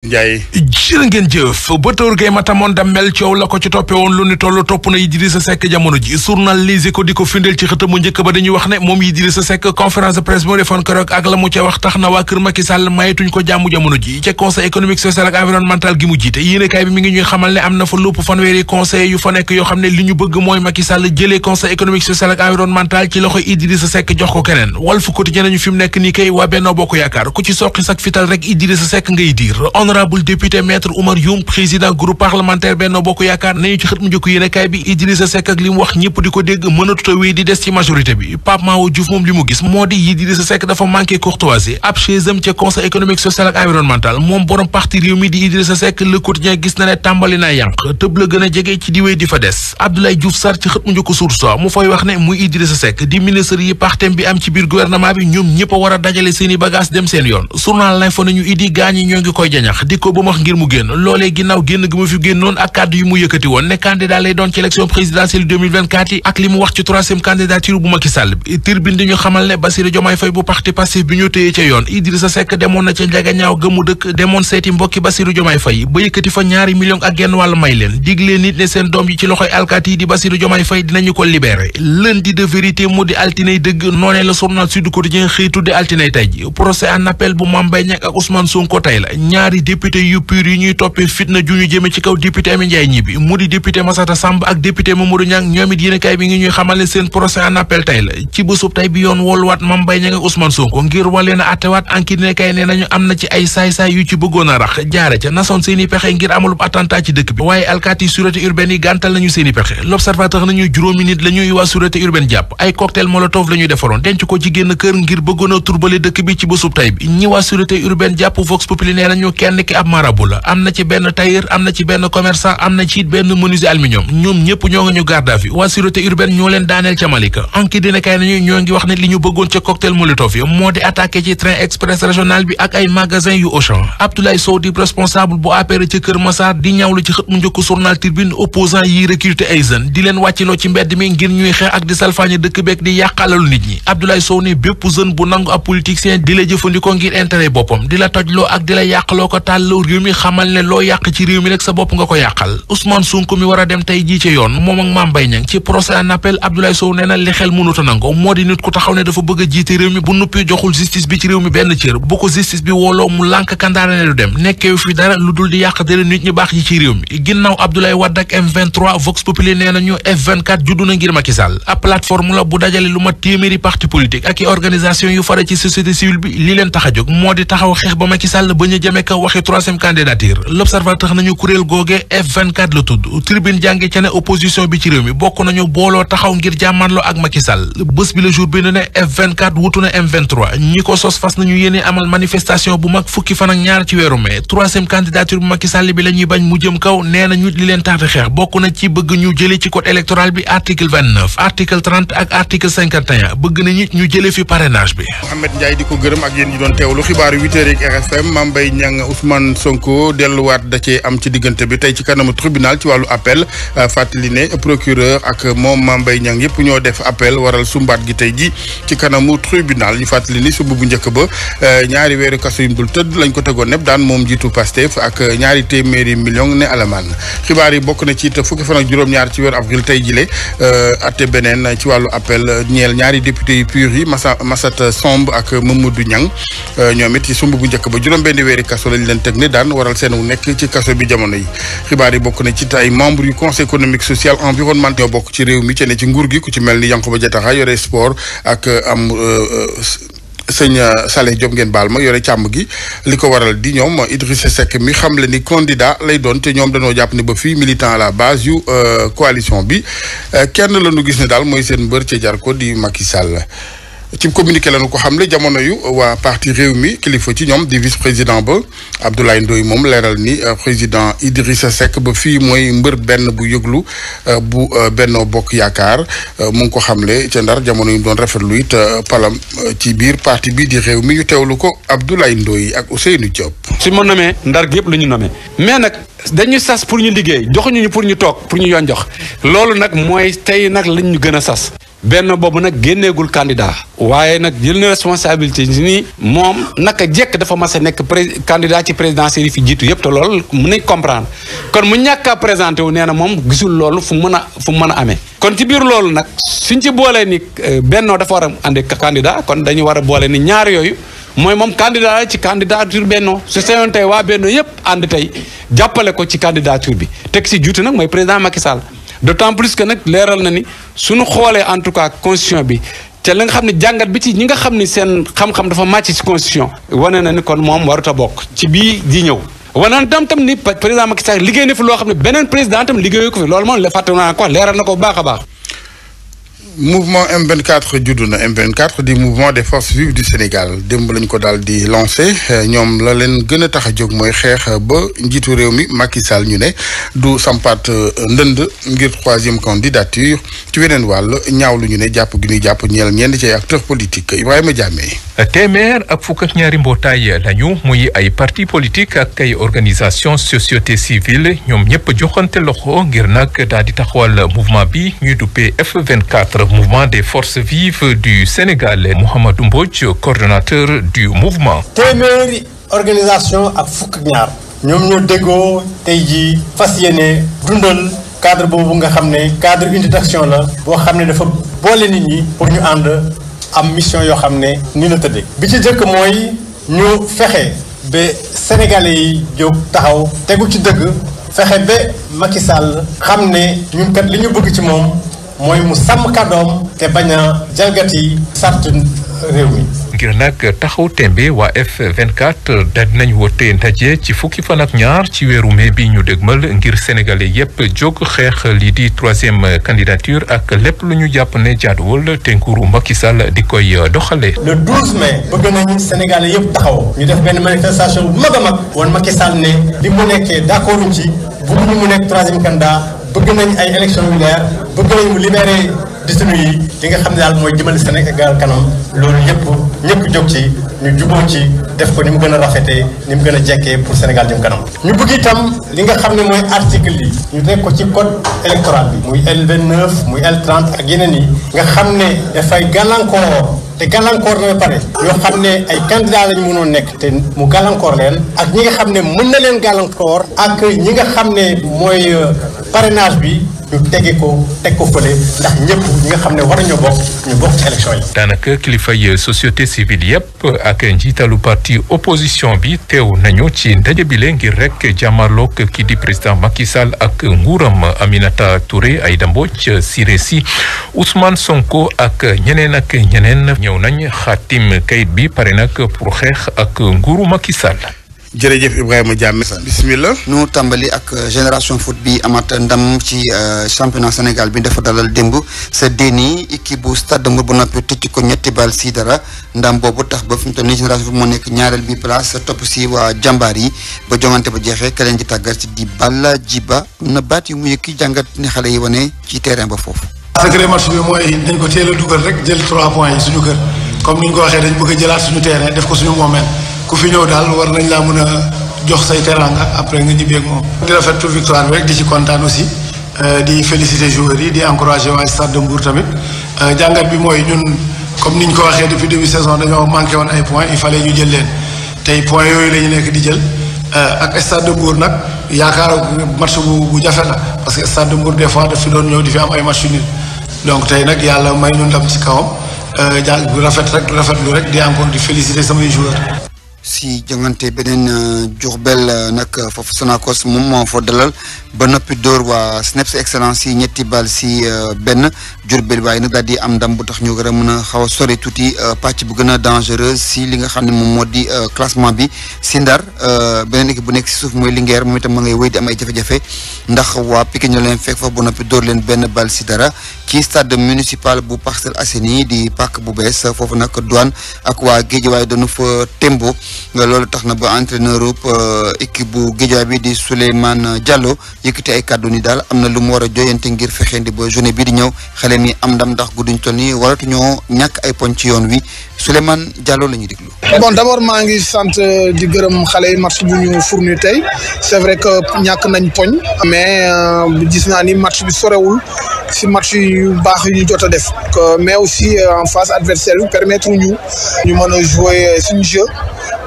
Ndiaye jërë ngeen jëf ba tóor gay matamoon da mel coow la ko ci toppe woon lu ni toll topp na Idrissa Seck jamono ji journal Les Échos di ko findeel ci xëtam mu njëkk ba dañuy wax ne moom Idrissa Seck conférence de presse bu defoon keroog ak la mu ca wax tax na waa kër Macky Sall mayetuñ ko jàmm jamono ji ca conseil économique social ak environnemental gi mu jiite yéenekaay bi mi ngi ñuy xamal ne am na fa lupp fanweeri conseil yu fa nekk yoo xam ne li ñu bëgg mooy Macky Sall jëlee conseil économique social ak environnemental ci loxo Idrissa Seck jox ko keneen Walf Quotidien nañu l'honorable député maître Oumar moom li mu gis moo di Idrissa Seck dafa manqué courtoisie gis na ne tàmbali naa tëb la gën a jege ci di wéy di fa des Abdoulaye Diouf Sarr ci xët mu mu fay wax ne muy Idrissa Seck di ministre yi partem bi am ci biir gouvernement bi ñoom ñëpp a war a dajale seen i dem seen yoon journal L'Info nañu idi gaañi ñoo ngi koy jañax wax di ko ba mu wax ngir mu génn loolee ginnaaw génn gi mu fi génnoon ak kàddu yu mu yëkkati woon ne candidat lay doon ci élection présidentielle 2024 yi ak li mu wax ci troisième candidature bu Macky Sall bi tribune di xamal ne Bassirou Diomaye Faye bu parti Pastef bi ñu téye ca yoon Idrissa Seck demoon na ca njagañaaw ga mu dëkk demoon seeti mbokki Bassirou Diomaye Faye ba yëkkati fa ñaari millions ak genn wàll may leen digle nit ne seen doom yi ci loxoy di Bassirou Diomaye Faye dinañu ko libéré lundi de vérité mu député yu pur yi ñuy toppee fitna ju ñu jëme ci kaw député Amy Ndiaye mu di député Massata Samb ak député Mamadou Niang ñoom it yéenekaay bi ngi ñuy xamal ne seen procès en appel tey la ci bésub tey bi yoon wooluwaat Mame Mbaye Niang ak Ousmane ngir walee na attewaat enquête yéenekaay nañu am na ci ay saay-saay yu ci bëggoon rax jaare ca nasoon seeni pexe ngir amalub attentat ci dëkk bi waaye alkaati sûreté urbaine yi gàntal nañu seeni pexe l'observateur kenn ki ab marabu la am na ci benn tailleur am na ci benn commerçant am na ci benn menuisier aluminium ñoom ñëpp ñoo ngi ñu garde à waa sûreté urbaine ñoo leen daaneel ca Malika enquête dina kay nañu ñoo ngi wax ne li ñu bëggoon ca cocktail molotov moo di attaqué ci train express régional bi ak ay magasin yu Auchan Abdoulaye Sow di responsable bu APR ca Kër Massar di ñaawlu ci xët mu njëkk journal Tribune opposant yi recruté ay jeunes di leen wàcciloo mi ngir ñuy xeex tàllaw réew mi xamal ne loo yàq ci réew mi rek sa bopp nga ko yàqal Ousmane Sonko mi war a dem tey jii yoon moom ak Mame Mbaye Niang ci procès en appel Abdoulaye Sow nee na li xel mënuta nango moo di nit ku taxaw ne dafa bëgg jiite réew mi bu nuppi joxul justice bi ci réew mi benn cër bu ko justice bi wooloo mu lànk kandaarane du dem nekkewu fi dara lu dul di yàq dara nit ñi baax yi ci réew mi ginnaaw Abdoulaye Wade ak m Vox Populi nee na ñu nekk troisième candidature l'observateur nañu kuréel googe F24 la tudd tribune jànge ca ne opposition bi ci réew mi bokk nañu booloo taxaw ngir jàmmanloo ak Macky Sall bés bi le jour bi ne F24 wutu na m ñi ko sos fas nañu yéene amal manifestation bu mag fukki fan ak ñaar ci weeru mai troisième candidature bu Macky Sall bi la ñuy bañ mu jëm kaw nee na ñu li leen tax di xeex bokk na ci bëgg ñu jële ci code électoral bi article 29 article 30 ak article 51 bëgg na ñit ñu jële fi parrainage bi Mohamed ko gërëm ak yéen ñi doon teewlu xibaaru man Sonko delluwaat da cee am ci diggante bi tey ci kanamu tribunal ci wàllu appel euh, fàttali ne procureur ak moom Mame Mbaye Niang yëpp ñoo def appel waral sumbaat gi tey ji ci kanamu tribunal ñu fàttali ni suba bu njëkk ba euh, ñaari weeru kaso yum dul tëdd lañ ko tegoon nepp daan moom jiitu Pastef ak ñaari téeméeri million ne alamaan xibaar yi bokk na ci te fukki fan juróom ñaari ci weeru avril tey jile euh, atte beneen ci wàllu appel ñeel ñaari député yu pur yi Massa Massata Somb ak Mamadou Niang ñoom it ci bu njëkk ba juróom benn weeri kaso leen teg ni daan waral seen wu nekk ci kaso bi jamono yi xibaar yi bokk na ci ay membre yu social économique social environnemental o bokk ci réew mi ci ne ci nguur gi ku ci mel ni Yankhoba Diattara yore sport ak am euh, euh, sëñ euh, Salé Diop ngeen baal ma yore càmm gi li ko waral di ñoom Idrissa Seck mi xam le ni candidat lay doon te ñoom dañoo jàpp ne ba fii militant à la base yu coalition bi kenn la ñu gis ne daal mooy seen mbër ci jar ko di Macky Sall ci communiqué lañu ko xam ne jamono yu waa parti réew mi kilifa ci ñoom di vice président ba Abdoulaye Ndoye moom leeral ni euh, président Idrissa Seck ba fii mooy mbër benn bu yëglu euh, bu euh, Benno Bokk Yaakaar mu ngi ko xamle ca ndar jamono yu doon rafetlu it palam ci biir parti bi di réew mi ñu teewlu ko Abdoulaye Ndoye ak Ousseynou Diop. su ma nomee ndar gi yëpp lu ñu nomee mais nag dañu sas pour ñu liggéey joxuñu ñu pour ñu toog pour ñu yoon jox loolu nag mooy tey nag lañ ñu gën a sas. benn boobu nag génneegul candidat waaye nag jël na responsabilité nii moom naka jekk dafa mas a nekk pré candidat ci présidentielle yi fi jiitu yëpp te loolu mun nañ comprendre kon mu ñàkk a présenté wu nee na moom gisul loolu fu mën a fu mën a amee. kon ci biir loolu nag suñ ci boolee ni euh, bennoo dafa war a àndi candidat kon dañu war a boole ni ñaar yooyu. mooy moom candidat la ci candidature Benno su seyoon tey waa Benno yëpp ànd tey jàppale ko ci candidature bi teg si juuti nag mooy président Macky Sall d'autant plus que nag leeral na ni suñu xoolee en tout cas constitution bi te la nga xam ne jàngat bi ci ñi nga xam ni seen xam-xam dafa màcc ci constitution wane na ni kon moom warut a bokk ci bii di ñëw wanaan tam tam ni président Macky Sall liggéey na fi loo xam ne beneen président tam liggéeyu ko fi loolu moom fàtte naa ko leeral na ko baax a baax mouvement M24 juddu na M24 di mouvement des forces vives du Sénégal démb lañ ko daal di lancé ñoom la leen gën a tax a jóg mooy xeex ba njiitu réew mi Macky Sall ñu ne du sampaat euh, ndënd ngir troisième candidature ci weneen wàll ñaaw lu ñu ne jàpp gi ñuy jàpp ñeel ñenn ci ay acteurs politiques Ibrahima jàmmee téeméer ak fukk ak ñaari mbootaay lañu muy ay parti politique ak ay organisation société civile ñoom ñëpp joxante loxo ngir nag daal di taxawal mouvement bi ñuy duppee F24 mouvement des forces vives du Sénégal Mouhamadou Mbodj coordonnateur du mouvement. téeméeri organisation ak fukk ak ñaar. ñoom ñoo déggoo tey jii fas yéene dundal cadre boobu nga xam ne cadre unité la boo xam ne dafa boole nit ñi pour ñu ànd am mission yoo xam ne ni la tëddee bi ci jëkk mooy ñu fexe ba sénégalais yi jóg taxaw tegu ci dëgg fexe ba Macky Sall xam ne ñun kat li ñu bëgg ci moom mooy mu sàmm kàddoom te bañ a jalgati sart réew mi ngir nag taxaw tembe waa F24 daj nañ ndaje ci fukki fan ak ñaar ci weeru mai bi ñu dégmal ngir sénégalais yépp jóg xeex li di troisième candidature ak lépp lu ñu jàpp ne jaaduwul te nguuru Macky Sall di koy doxalee. le 12 mai bëgg nañu sénégalais yépp taxaw ñu def benn manifestation bu mag a mag woon Macky ne li mu nekkee d'accorduñ ci bu mu nekk troisième candidat bëgg nañ ay élections yu bëgg nañ mu di yi li nga xam ne daal mooy jëmale Sénégal kanam loolu yëpp ñëpp jóg ci ñu juboo ci def ko ni mu gën a rafetee ni mu gën a jekkee pour Sénégal jëm kanam. ñu bëgg itam li nga xam ne mooy article yi ñu teg ko ci code bi muy l muy l ak yeneen yi nga xam ne dafay gàllankoor te gàllankoor na ba pare yoo xam ne ay candidat lañu mënoon nekk te mu gàllankoor leen ak ñi nga xam ne mën na leen gàllankoor ak ñi nga xam ne mooy euh, parrainage bi. ñu tege ko teg ko fële ndax ñëpp ñi nga xam ne war nañoo bokk ñu bokk ci élection yi. daanaka kilifa yi société civile yëpp ak njiitalu parti opposition bi teew nañu ci ndaje bile ngir rek jàmmarloog kii di président Macky Sall ak nguuram Aminata Touré Aïda Mbodj Siré Sy Ousmane Sonko ak ñeneen ak ñeneen ñëw nañ xaatim kayit bi pare nag pour xeex ak nguuru Macky Sall. jërëjëf Ibrahima Diame. bisimilah. ñu tàmbali ak euh, génération foot bi amaat ndam ci euh, championnat Sénégal bi dafa dalal démb sa déni équipe bu stade Mbour bu noppi tëcc ko ñetti bal si dara ndam boobu tax ba fi mu toll nii génération foot moo nekk ñaareel bi place topp si waa jàmbaar yi ba jongante ba jeexee ka leen di tàggat di Balla Jiba na baat yu mu yëkki jàngat ni xale yi wane ci terrain ba foofu. secret match bi mooy dañ ko teel a dugal rek jël trois points yi suñu kër comme ni ñu ko waxee dañ bëgg jëlaat suñu terrain def ko suñu moomeel. ku fi ñëw daal war nañ laa mën a jox say teranga après nga ñibbee ak moom. di rafetlu victoire bi rek di ci kontaan aussi euh, di féliciter joueurs yi di encourager waa Stade de Mbour tamit euh, jàngat bi mooy ñun comme ni ñu ko waxee depuis début saison dañoo manqué woon ay points il fallait ñu jël leen tey points yooyu la ñu nekk di jël euh, ak Stade de Mbour nag yaakaar match bu bu jafe la parce que Stade de Mbour des fois daf fi doon ñëw di fi am ay match nul donc tey nag yàlla may ñu ndam ci kawam. jàng rafet rek rafetlu rek di encore di féliciter samay joueurs. si jongante beneen euh, Diourbel euh, nag euh, foofu Sonacos moom moo fa dalal ba noppi dóor waa SNEIPS excellence yi ñetti ball si benn Diourbel waaye nag daal di am ndam bu tax ñu gën a mën a xaw a sori tuuti pàcc bu gën a dangereuse si li nga xam ne moom moo di classement bi si Ndar beneen bu nekk si suuf mooy Linguère moom itam ma ngay wéy di am ay jafe-jafe ndax waa Pikine ñoo leen fekk fa ba noppi door leen benn balle si dara ci stade municipal bu parcel Assainies di parc bu bees foofu nag douane ak waa géej waaye Guédiawaye doonu fa tembo loolu tax na ba entraîneur ub euh, équipe bu Guédiawaye bi di Souleymane Diallo yëkkati ay kàddu ni daal am na lu mu war a jooyante ngir fexeendi ba journée bi di ñëw xale mi am ndam ndax gudduñ toll nii waratuñoo ñàkk ay poñ ci yoon wi Souleymane Diallo la ñuy déglu. bon d' abord maa ngi sant euh, di gërëm xale yi match bu ñu tey c' est vrai que ñàkk nañ poñ mais euh, gis naa ni match bi sorewul si match yu baax yu ñu jot a def mais aussi en face adversaire yu permettre ñu ñu mën a jouer suñu jeu.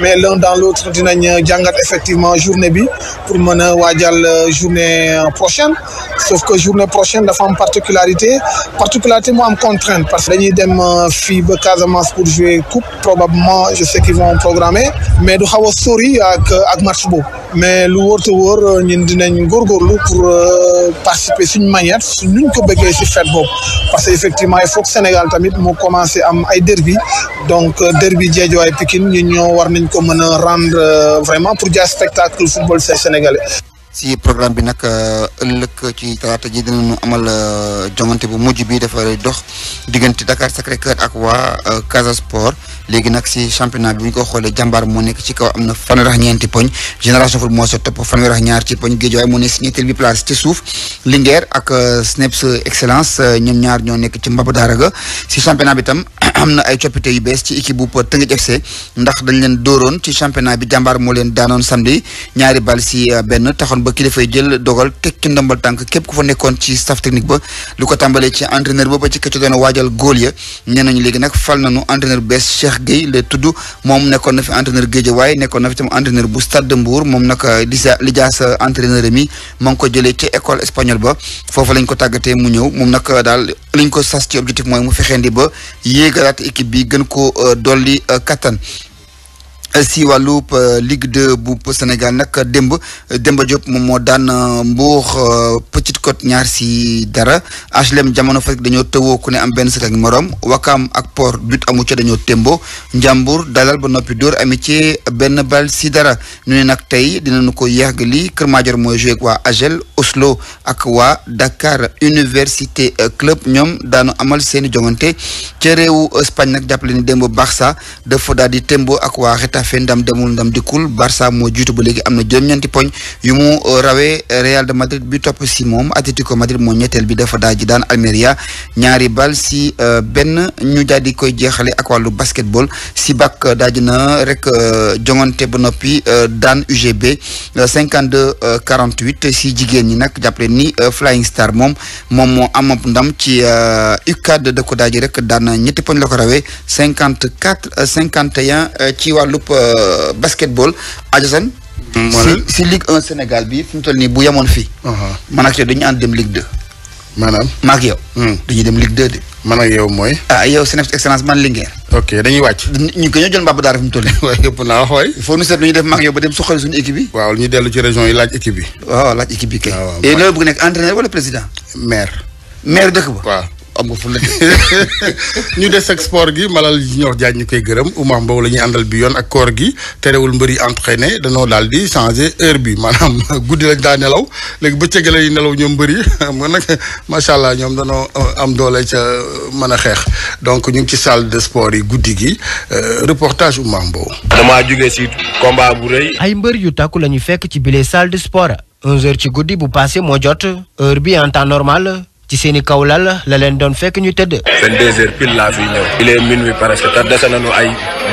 mais l'un dans l'autre dinañ jàngat effectivement journée bi pour mën a waajal euh, journée euh, prochaine sauf que journée prochaine dafa am particularité particularité moo am contrainte parce que dañuy dem euh, fii ba Casamance pour jouer coupe probablement je sais qu'ils vont programmer mais du xaw a sori ak ak match boobu mais lu wóor te wóor ñun dinañ góorgóorlu pour participer suñ manière suñ nuñ ko bëggee si fête boobu parce que effectivement il faut Sénégal tamit moo commencé am ay derby donc derby Jeejowaay Pikine ñun ñoo war nañ ko mën a rendre euh, vraiment pour jaay spectacle football sénégalais. si programme bi nag euh, ëllëg ci talaata ji dinañu amal euh, jongante bu mujj bi dafay dox diggante Dakar Sacré-Cœur ak waa euh, Casa Sport léegi nag si championnat bi ñu ko xoolee jàmbaar moo nekk ci kaw am na fanweer ak ñeenti poñ génération foot moo sa topp fanweer ak ñaar ci poñ Guédiawaye moo nekk si ñetteel bi place ci suuf Linguère ak Excellence ñoom ñaar ñoo nekk ci mbaba daara ga si championnat bi tam am na ay coppite yu bees ci équipe bu Teungueth FC ndax dañ leen dooroon ci championnat bi jàmbaar moo leen daanoon samedi ñaari bal si benn taxoon maanaam ba kilifay jël dogal teg ci ndombal tànk képp ku fa nekkoon ci staff technique ba lu ko tàmbalee ci entraîneur ba ba ci këcco doon a waajal góol ya nee nañu léegi nag fal nañu entraîneur bees Cheikh Gueye la tudd moom nekkoon na fi entraîneur Guédiawaye nekkoon na fi tam entraîneur bu Stade de Mbour moom nag lisa euh, lijaas euh, entraîneur mi moo ngi ko jëlee ci école espagnole ba foofu lañ ko tàggatee mu ñëw moom nag euh, daal liñ ko sas ci objectif mooy mu fexeendi ba yéegalaat équipe bi gën ko dolli kattan si wàllub euh, Ligue 2 bu Sénégal nag demb Demba Diop moom moo daan euh, Mbour euh, Petite Côte ñaar si dara HLM jamono Fatick dañoo tëwoo ku ne am benn set ak morom Wakaam ak Port but amu ca dañoo témbo Njàmbur dalal ba noppi dóor amitié benn bal si dara ñu ne nag tey dinañu ko yàggali Kër Madior mooy joué ak waa AGEL Oslo ak waa Dakar Université Club ñoom daanu amal seeni jongante ca réewu Espagne nag jàppale ni démb Barça dafa daal di ak waa Reta à fait ndam demul ndam dikkul Barça moo jiitu ba am na juróom poñ yu euh, rawee Real de Madrid bi topp si moom Atlético Madrid moo ñetteel bi dafa daal di daan Almeria ñaari bal si euh, benn ñu daal di koy jeexale ak wàllu basketball si bak daal na rek euh, jongante ba noppi daan UGB 52 48 si jigéen ñi nag jàppale ni Flying Star moom moom moo am ndam ci UCAD da ko daal di rek daan ñetti poñ la ko rawee 54 51 ci Euh, basketball Adjasane. si si Ligue 1 Sénégal bi fi mu toll nii bu yemoon fii. Uh-huh. man ak yow dañu ànd dem Ligue 2. maanaam ma ak yow. Hmm. de. man ak yow mooy. ah yow Cneps excellence man Linguère. ok dañuy wàcc. ñu ko ñoo jël mbàbb daara fi mu toll nii. waaye naa wax waay. foo nu seet lu ñu def ma yow ba dem suqali suñu équipe yi. waaw ñu dellu ci région yi laaj équipe bi. waaw oh, laaj équipe bi kay. loolu bëgg nekk entraîneur wala président. maire. maire dëkk ba am nga fu mu ñu des ak sport gi Malal Junior Diagne ñu koy gërëm Oumar Mbow la ñuy àndal bi yoon ak koor gi terewul mbëri entraîné danoo daal di changé heure bi maanaam guddi lañ daa nelaw léegi bëccëg lay nelaw ñoom mbëri xam nga nag macha allah ñoom danoo uh, am doole ca uh, mën a xeex donc ñu ngi ci salle de sport yi guddi gi uh, reportage Oumar Mbow. damaa jóge si combat bu rëy. ay mbër yu takku la fekk ci bile salle de sport 11h ci guddi bu passé moo jot heure ci seeni kaw lal la leen doon fekk ñu tëdd. 22 heures pile laa fi ñëw. il est minuit presque te dese nañu ay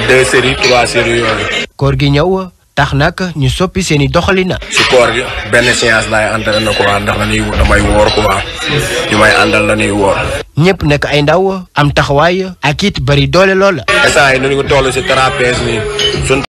deux séries trois séries yooyu. koor gi ñëw. tax nag ñu soppi seen i doxalin na. si koor gi benn séance laay àndal na ko waa ndax dañuy damay woor ko waa ñu may àndal dañuy woor. ñëpp nekk ay ndaw am taxawaay ak it bari doole lool. instant yi ñu ngi toll si nii